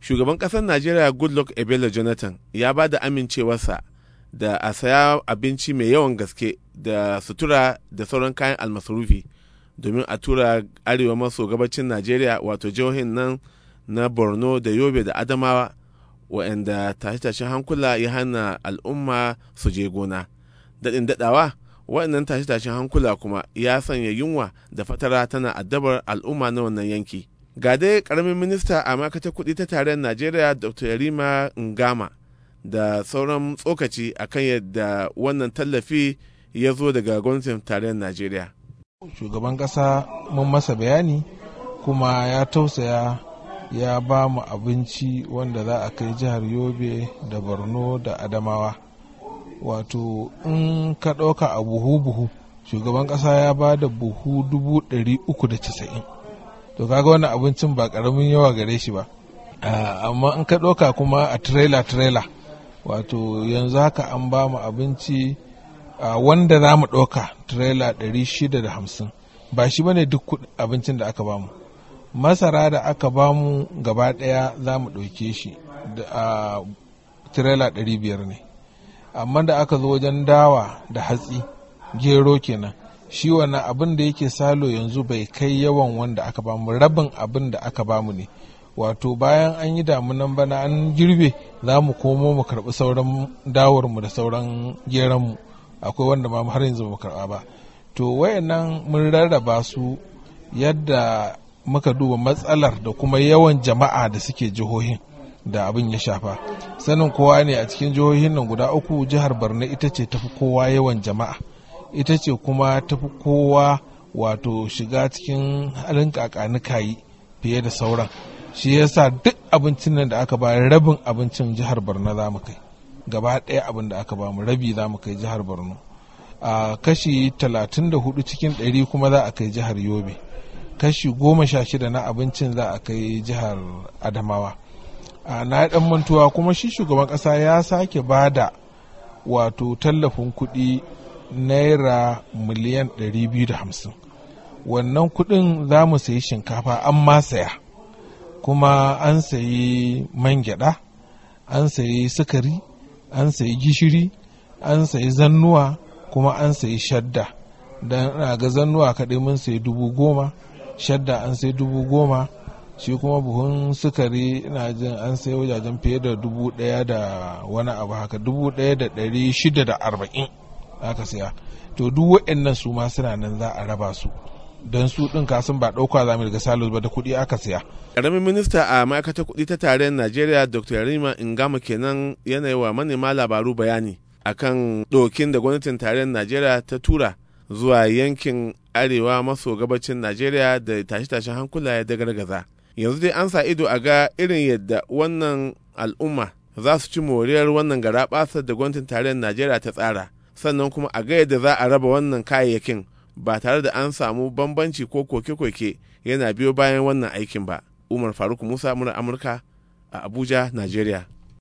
shugaban ƙasar najeriya goodluck ebele jonathan ya ba da amincewarsa da a saya abinci mai yawan gaske da sutura da sauran kayan almasarufi domin a tura arewa maso gabacin najeriya wato jihohin nan na borno da yobe da adamawa wa'anda tashe-tashen hankula ya hana al'umma su je gona daɗin daɗawa waɗannan tashe-tashen hankula kuma ya sanya yunwa da fatara tana addabar al'umma na wannan yanki ga dai karamin minista a ma'aikatar kuɗi ta tarayyar najeriya dr yarima ngama da sauran tsokaci a kan yadda wannan tallafi ya zo daga gwamnatin tarayyar najeriya shugaban ƙasa mun masa bayani kuma ya tausaya ya ba mu abinci wanda za a kai jihar yobe da borno da adamawa wato in ka ɗauka a buhu-buhu shugaban ƙasa ya ba da buhu 390 to kaga wannan abincin ba karamin yawa gare shi ba ah, amma in ka ɗauka kuma a trailer trailer wato yanzu haka an ba mu abinci wanda za mu ɗauka trailer 650 ba shi bane duk abincin da aka ba mu masara da aka ba mu gaba ɗaya za mu ɗauke shi da tirela ɗari biyar ne amma da aka zo wajen dawa da hatsi gero kenan shi wannan abin da yake salo yanzu bai kai yawan wanda aka bamu rabin abin da aka bamu ne wato bayan an yi damunan bana an girbe za mu komo mu karɓi sauran dawarmu da sauran mu, akwai wanda ma har yanzu mu karɓa ba to wayannan mun rarraba su yadda muka duba matsalar da kuma yawan jama'a da suke jihohin da abin ya shafa sanin kowa ne a cikin jihohin nan guda uku jihar borno ita ce tafi kowa yawan jama'a ita ce kuma tafi kowa wato shiga cikin halin kakanika yi fiye da sauran shi yasa duk abincin nan da aka ba rabin abincin jihar borno za mu kai gaba ɗaya abin da aka ba mu rabi za mu kai jihar borno a kashi 34 cikin 100 kuma za a kai jihar yobe kashi 16 na abincin za a kai jihar adamawa a na dan mantuwa kuma shi shugaban ƙasa ya sake ba da wato tallafin kuɗi naira miliyan 250 wannan kudin za mu sayi shinkafa an ma saya kuma an sayi man gyada an sayi sukari an sayi gishiri an sayi zannuwa kuma an sayi shadda don ga zannuwa kaɗai mun sayi dubu goma shadda an sayi dubu goma shi kuma buhun sukari ina jin an sayi wajajen fiye da dubu ɗaya da wani abu haka dubu ɗaya da ɗari shida da arba'in aka saya to duk waɗannan su ma suna nan za a raba su don su ɗin kasan ba ɗauka zamu ga salus ba da kuɗi aka siya. Ƙaramin minista a ma'aikatar kuɗi ta tarayyar Najeriya Dr. Rima Ingama kenan yanayi wa manema labaru bayani akan ɗokin da gwamnatin tarayyar Najeriya ta tura zuwa yankin arewa maso gabacin Najeriya da tashe-tashen hankula ya gargaza Yanzu dai an sa ido a ga irin yadda wannan al'umma za su ci moriyar wannan garaɓasar da gwamnatin tarayyar Najeriya ta tsara. sannan kuma a ga yadda za a raba wannan kayayyakin ba tare da an samu bambanci ko koke-koke yana biyo bayan wannan aikin ba umar faruk musa mura amurka a abuja nigeria